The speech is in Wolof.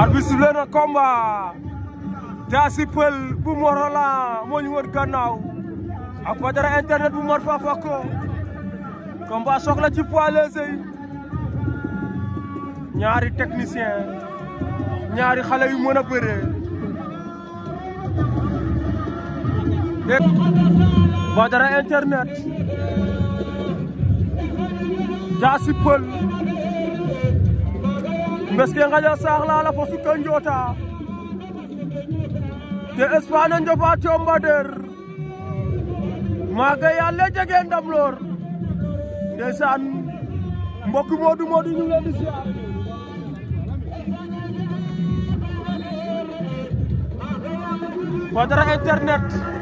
arbitre bi na combat Diassy Peulh bu Mor Holland moo ñu woon gannaaw ak Badara internet bu Mor Fafa ko combat soxla ci poids léger ñaari technicien ñaari xale yu mën a bëree Badara internet Diassy Peulh Mbeske ngaƴa sahlala fo suka njota te Espagne a njofa combader maaga yàlla jege ndam loor ndeysaan mbokk Modou Modou ñu leen di siyaar Badara internet